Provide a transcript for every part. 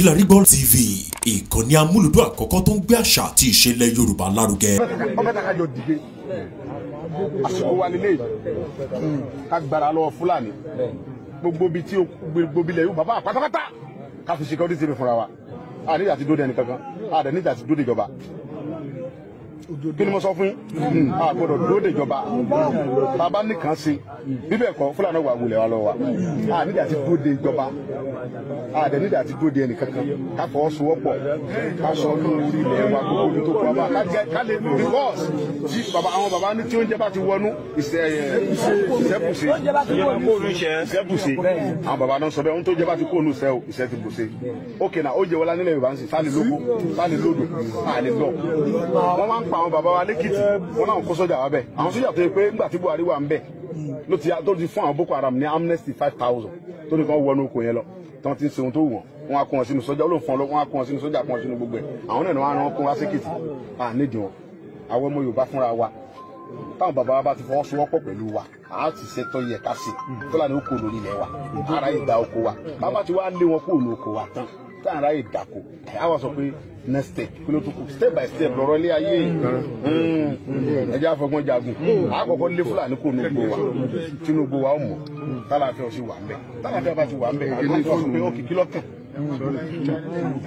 Kílárí Gbọ́ TV ìkànnì amúlùdún àkọ́kọ́ tó ń gbé àṣà àti ìṣẹ̀lẹ̀ Yorùbá lárugẹ. àsìkò wa nílé ká gbára lọ́wọ́ Fúlàní gbogbo ibi tí gbogbo ilẹ̀ yóò bàbá pátápátá ká fi ṣe kọ́ dídì fúnra wa àdéhìí àti dóde ẹnì kankan àdéhìí àti dóde ìjọba kí ni mo sọ fún yín a gbọ́dọ̀ dúró de ìjọba bàbá nìkan ṣe bíbẹ̀ kọ́ fúlàní wà wulẹ̀ wa lọ wa a nídìí àti dúró de ìjọba a dẹ̀ nídìí àti dúró de ẹnìkankan ká fọwọ́sowọ́pọ̀ ká sọ ní orí ilẹ̀ wa gbogbo ojú tó kọ́ wa ká lè because tí àwọn bàbá ní tí oúnjẹ bá ti wọnú ìṣẹ́bùsẹ̀ ìṣẹ́bùsẹ̀ àwọn bàbá náà sọ bẹ́ẹ̀ ohun tó jẹ́ bá ti kó ònú ìṣẹ́ o ìṣẹ́ ti bùsẹ̀ ok na ó jẹ́ wọlá nílẹ̀ Yorùbá ń sìn sáà ní lóko sáà ní lódò sáà ní lọ wọ́n máa ń pa àwọn bàbá wa lẹ́kìtì wọn náà kó sọ́jà wa bẹ̀ àwọn sọ́jà tó yẹ pé ńgbà tí Buhari wà ń bẹ̀ ló ti tó ti fún àwọn Boko Haram ní amnesty five thousand tó ní kàn wọnú oko yẹn lọ tí wọ́n ti ń sehun tó wù wọ́n wọn á kó wọn sínú sọ́jà olóòfin ọlọ́ wọn á kó wọn sínú sọ́jà kó wọn sínú gbogbo ẹ̀ àwọn náà ni wọn á rán kó wá sẹ́kìtì à nídìí wọn àwọn ọmọ Yorùbá fúnra wa táwọn bàbá wa bá ti fọwọ́sowọ́pọ̀ pẹ̀lú wa a ti ṣe tó yẹ ká ṣe Fúlàní ó kó lórí ilẹ̀ wa ara ìgbà oko wa bàbá ti wá lé wọn kó lóko wa tán tá à ń ráyè a wá sọ pé next step kí ló tó kù step by step lọ́rọ̀ ilé ayé mm. ẹjẹ àfọgbọ́n jagun àkọ́kọ́ lé fúlàní kò ní gbowó wa tinubu wa ó mọ̀ tálàfẹ́ ò sì wà ń bẹ̀ tálàfẹ́ bá ti wà ń bẹ̀ àgbà tó sọ pé ó kì kí lọ́kàn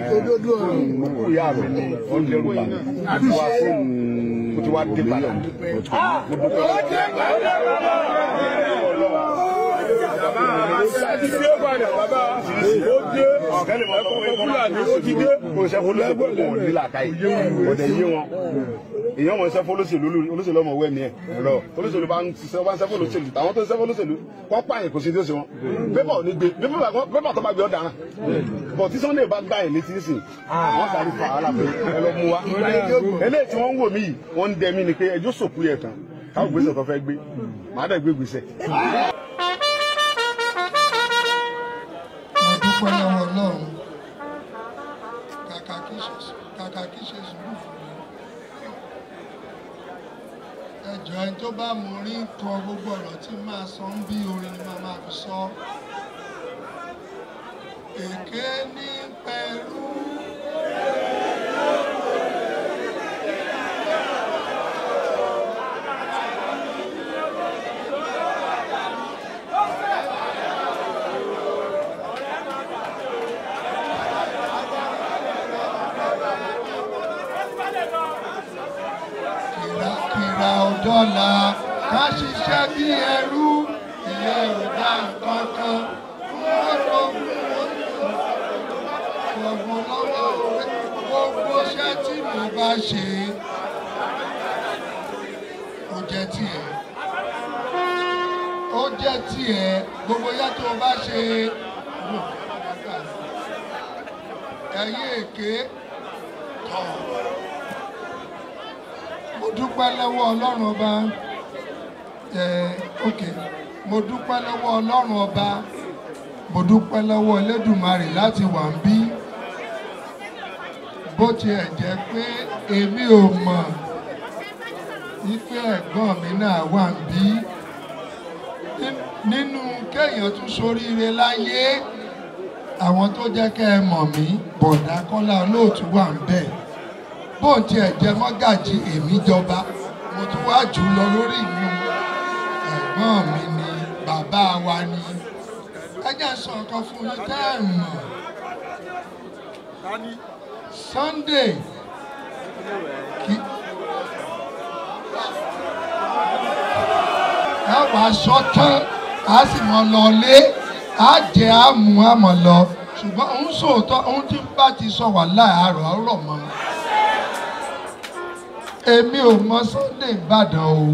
kúkú yà mí ní ọ̀dẹ́rù bá àti wá fún un kó ti wá dé bàlá bàbá ẹni tí ó padà bàbá ó dé ẹkọ fúlàní ó ti dé. kò sẹ́ fọlọ́sẹ̀ pé kò ní làkà yìí kò dẹ̀ yé wọn èèyàn wọn sẹ́ fọlọ́sẹ̀lú olóṣèlú ọmọ wẹ̀mí ẹ̀ lọ olóṣèlú bá ń sẹ́ bá ń sẹ́ fọlọ́sẹ̀lú àwọn tó ń sẹ́ fọlọ́sẹ̀lú kọ́ pààyàn kò sí dé sí wọn pépà ò ní gbé pépà tó bá gbé ọ̀daràn bọ̀ tí Sunday bá gbá ẹ̀ létí nísìn wọ́n sáré fà á lápẹ́ ẹ lọ mú wa eléyìí tí wọ́n ń wò mí yìí wọ́n ń dẹ mí ni pé ẹjọ́ sòkú yẹ tán káwọn gbèsè tó fẹ́ gbé màá dẹ̀ gbé gbèsè. dúpẹ́ lọ́wọ́ ọlọ́run kàkà kí ṣe sùúrù fún mi ẹjọ́ ẹni tó bá mú rí nǹkan gbogbo ọ̀rọ̀ tí máa sọ ń bí orin ni màá máa fi sọ èké ní pẹ̀lú. dọ́là ká ṣiṣẹ́ bí ẹrú ìyẹn ò dá nǹkan kan fún ọ̀rọ̀ gbogbo lọ́wọ́ gbogbo iṣẹ́ tí mo bá ṣe ó jẹ́ tiẹ̀ ó jẹ́ tiẹ̀ gbogbo iṣẹ́ tó bá ṣe ẹ̀yìn èké. dúpẹ́ lọ́wọ́ ọlọ́run ọba ẹ ok mo dúpẹ́ lọ́wọ́ ọlọ́run ọba mo dúpẹ́ lọ́wọ́ Elédùmarè láti wà ń bí bó tiẹ̀ jẹ́ pé èmi ò mọ̀ wípé ẹ̀gbọ́n mi náà wà ń bí nínú kéèyàn tún ṣoríire láyé àwọn tó jẹ́ kẹ́ ẹ mọ̀ mí bọ̀dá kọ́lá olóòtú wà ń bẹ̀ bóun tiẹ̀ jẹ mọ́gàjì èmi jọba mo tún wá jù lọ lórí mi ẹ̀gbọ́n mi ni bàbá wa ni ẹ jẹ́ sọ̀rọ̀ fún yín tẹ́ ẹ̀ mọ̀ Sunday kì ẹ wà aṣọ tán a sì mọ lọ lé a jẹ àmú àmọ lọ ṣùgbọ́n òun sòótọ́ òun ti bá ti sọ wà láàárọ̀ àárọ̀ mọ́. èmi ò mọ Sunday Ìbàdàn o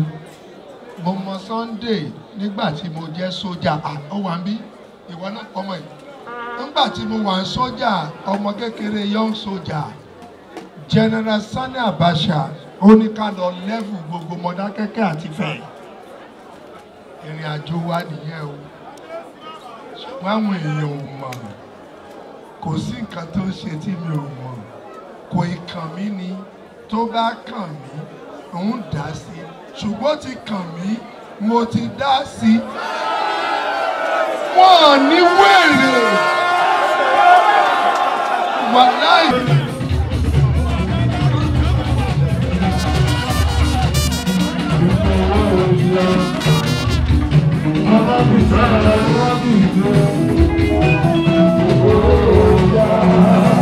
mo mọ Sunday nígbà tí mo jẹ́ sójà ó wà ń bí ìwọ náà ọmọ yìí nígbà tí mo wà ń sójà ọmọ kékeré young sójà General Sani Abacha ó ní ká lọ lẹ́fù gbogbo Mọdákẹ́kẹ́ àti Ifẹ̀ ìrìn àjò wa nìyẹn o ṣùgbọ́n àwọn èèyàn ò mọ̀ kò sí nǹkan tó ṣe tí mi ò mọ̀ kò ìkàn mí ni. tó bá kàn mí òun dá sí ṣùgbọ́n ti kàn mí mo ti dá sí wọ́n ní wèrè wàláì. Oh, yeah.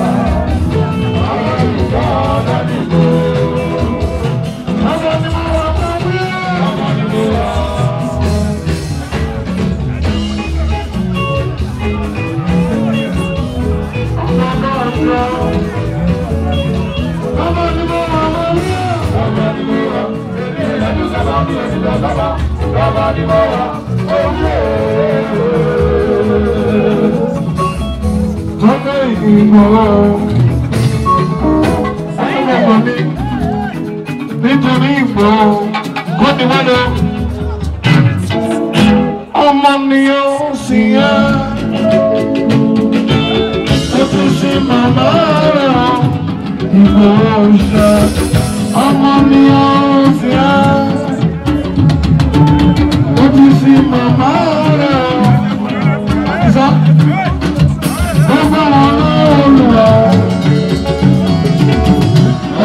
I'm on the ocean. ní mo wà òkè. Tọ́lá ìgbìmọ̀ sẹ́yìn ẹ̀mọ́ mi nítorí ìgbò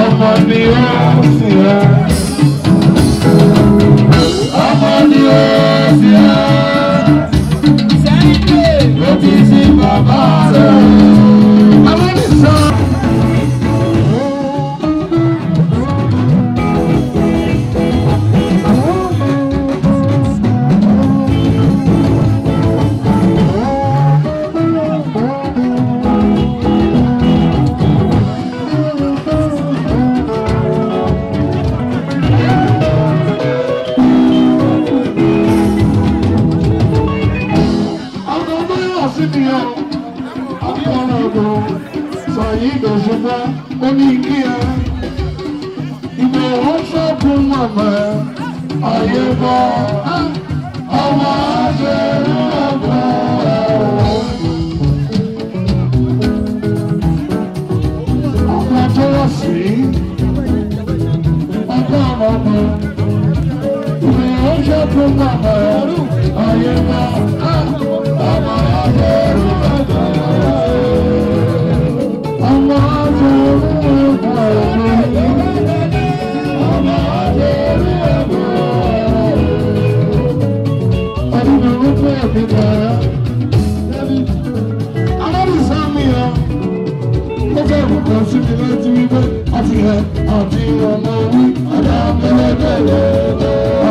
ọmọ ni ó. Àti ọmọ ní ọ̀dà mẹ́lẹ́dẹ́lẹ́dẹ́.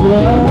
Yeah.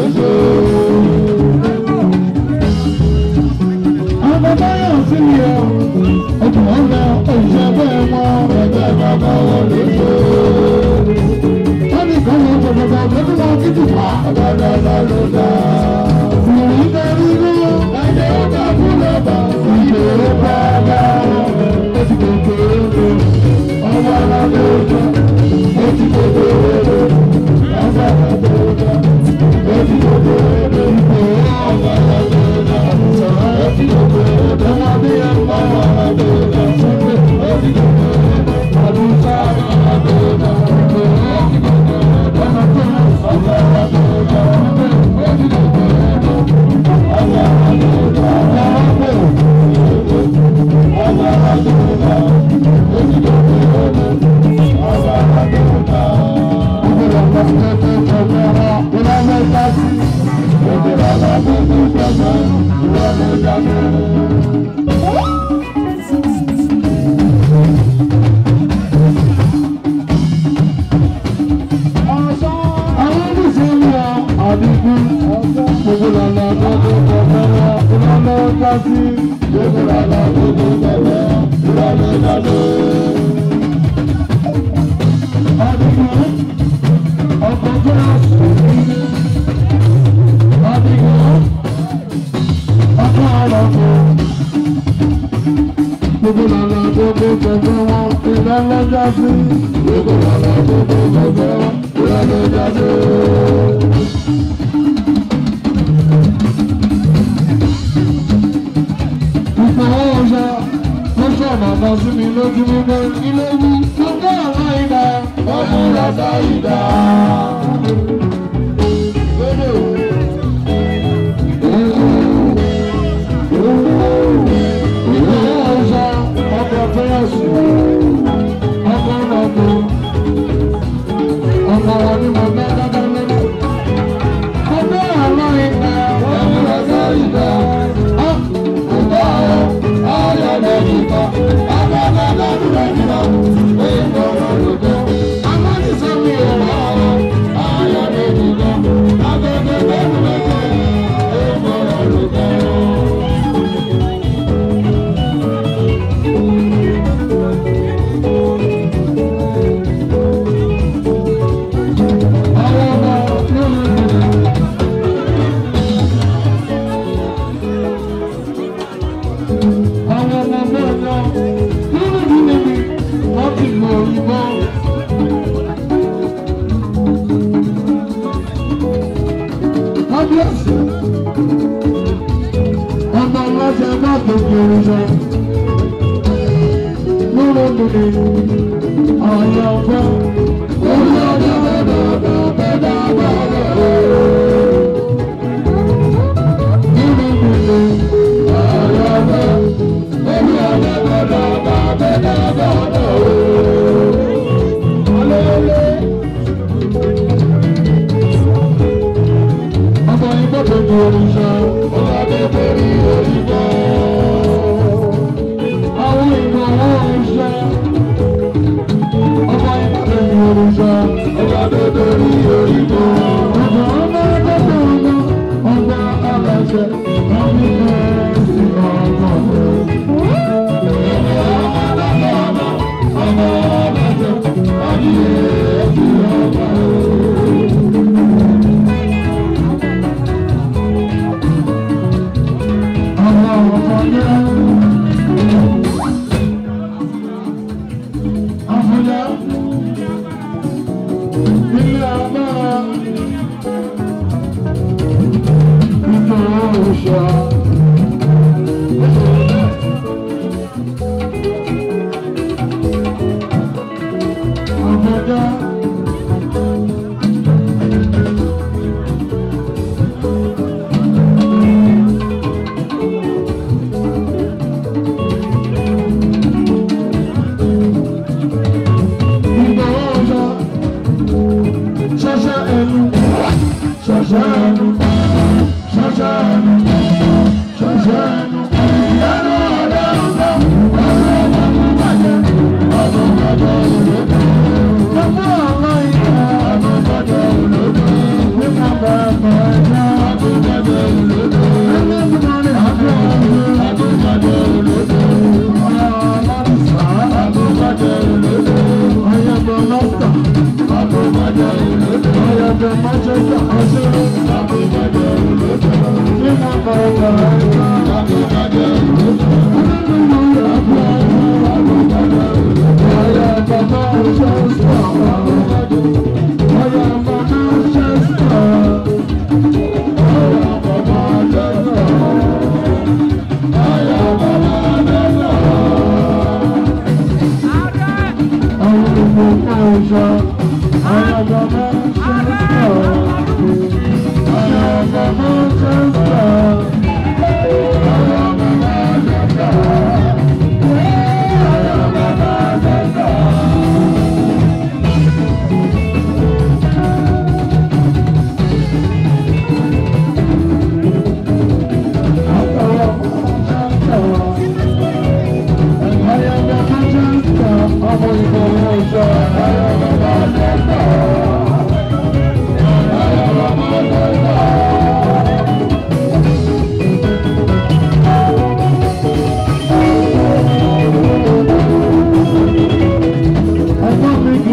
Ọjọ́ ọ̀gá òṣèlú ẹ̀wọ̀n ẹ̀jẹ̀ bàbá wọlé tó.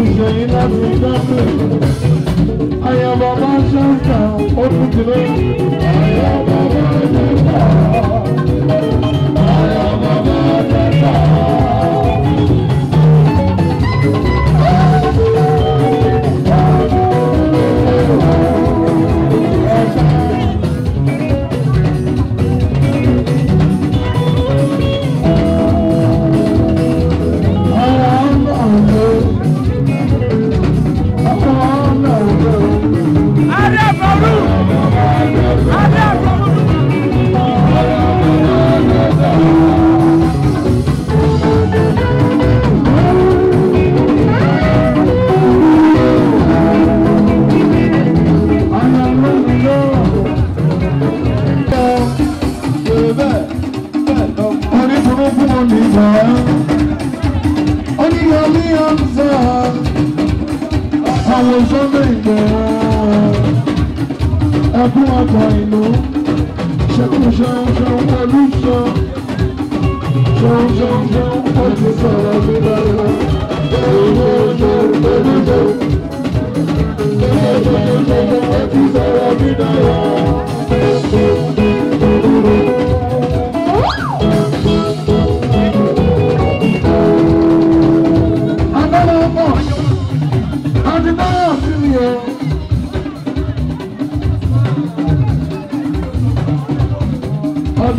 I am a man of ṣàǹkà I am a man of bàbá Oníyọmí Hamza àwòsánmé ìgbòho ẹkún ọkọ̀ ìlú ṣẹ́kùn ṣeun ṣeun pẹ̀lú ṣan ṣeun ṣeun ṣeun ó ti sọ̀rọ̀ mi lọ́wọ́ èyí ṣeun pẹ̀lú ṣeun èyí ṣeun ṣeun ó ti sọ̀rọ̀ mi lọ́wọ́.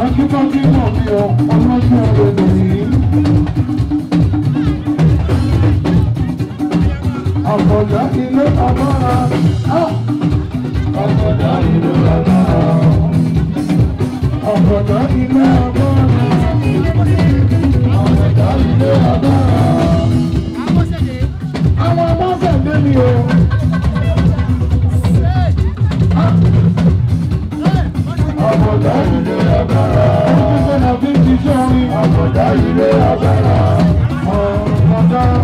akíkanjú náà mi ò ọlọ́jọ́ ọ̀rẹ́ lòyìn. àbọ̀dá ilé agbára. àbọ̀dá ilé agbára. àbọ̀dá ilé agbára. àbọ̀dá ilé agbára. àwọn ọmọ sẹ̀dé mi o. àbọ̀dá ilé agbára. Ẹgbẹ́ náà fi ti sọ́rin. Àbọ̀dá ilé agbára.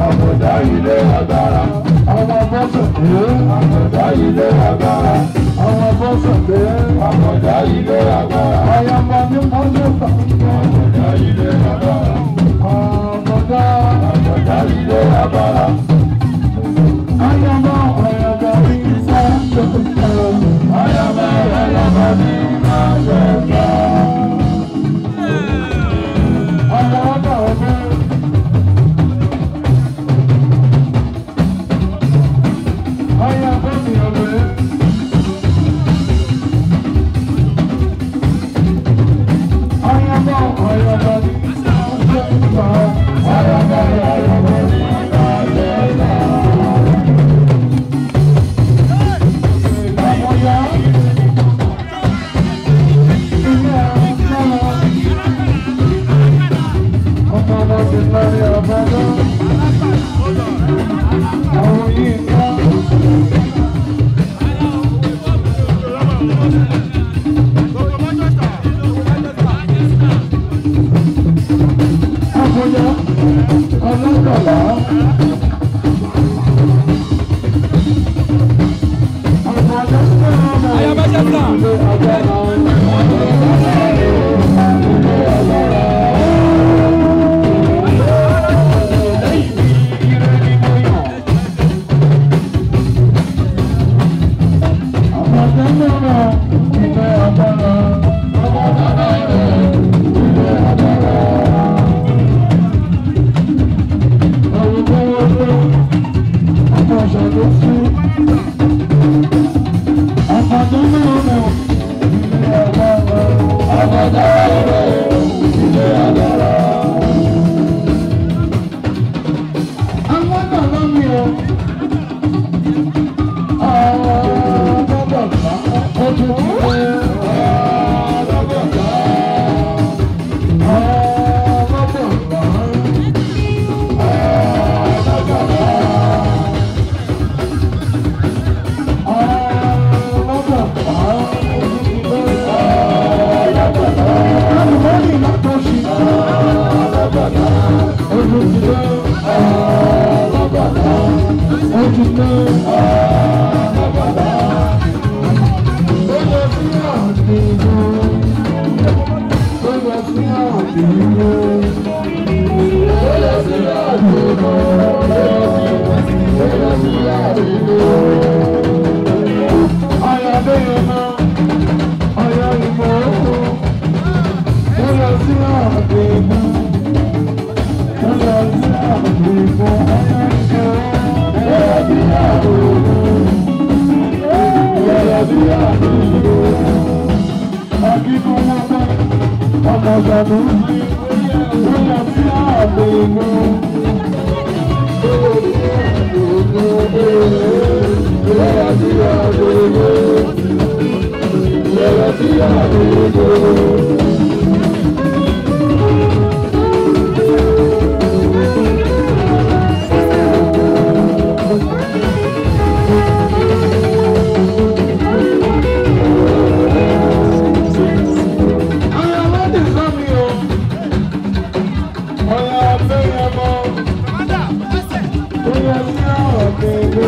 Àbọ̀dá ilé agbára. Ọmọ bọ́sọ̀ pé. Àbọ̀dá ilé agbára. Ọmọ bọ́sọ̀ pé. Àbọ̀dá ilé agbára. Ayọ̀mọ̀ mímú. Jesus. Thank you. Father. Let's go, baby.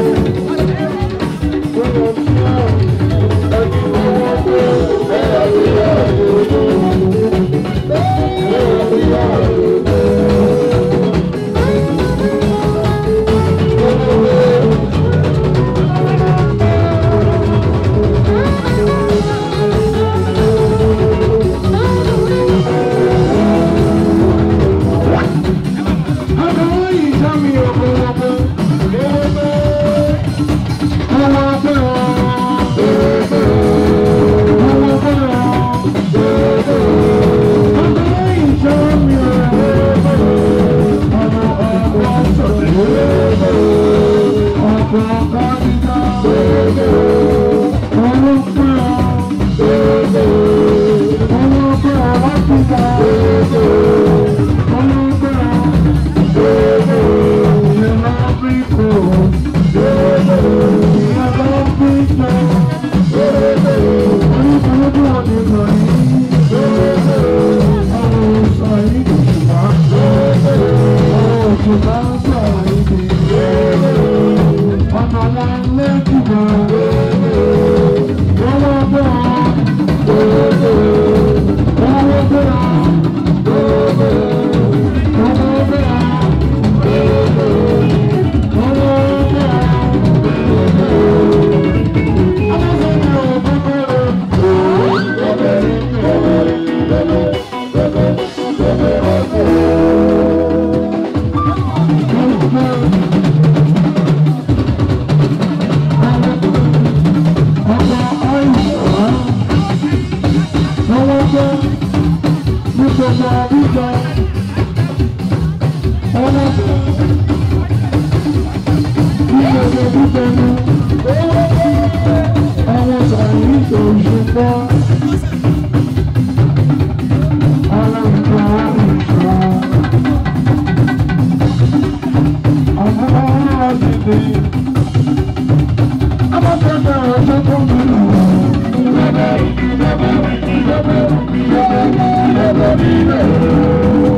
àwọn jẹ́ ní gbogbo ìjọ ọmọ jẹ́ ní gbogbo ìjọ ní àwọn sàrí òṣùpọ̀ aláǹkà ìṣọ́ àwọn ará ti dé. Never, never, never. Thank you.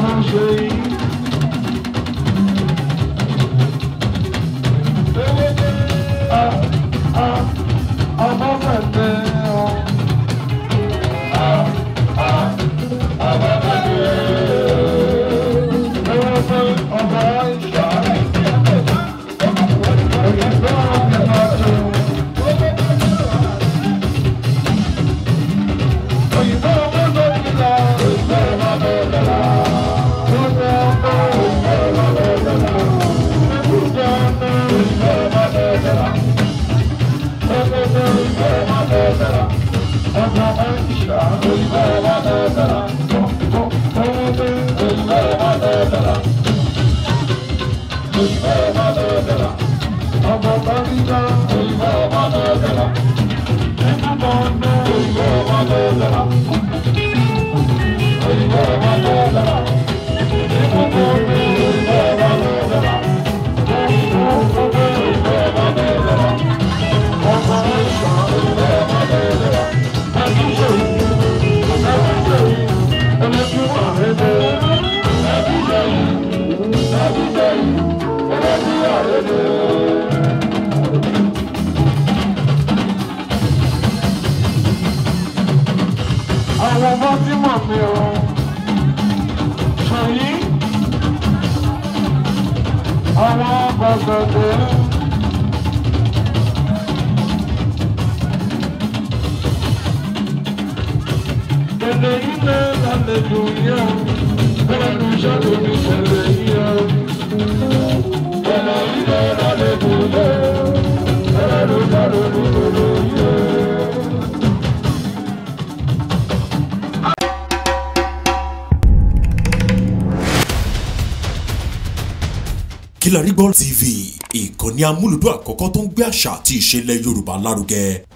arranjei àwọn ọmọ tí mọ̀ mi o ṣòyí àwọn gbọ̀gbọ̀gbẹ̀ gbèdé yìí náà lálejò yẹn bẹ́ẹ̀ ni sọ́dọ̀ mi tẹ̀lé yẹn. Kílárígbọ́ TV ìkànnì amúlùdún àkọ́kọ́ tó ń gbé àṣà àti ìṣẹ̀lẹ̀ Yorùbá lárugẹ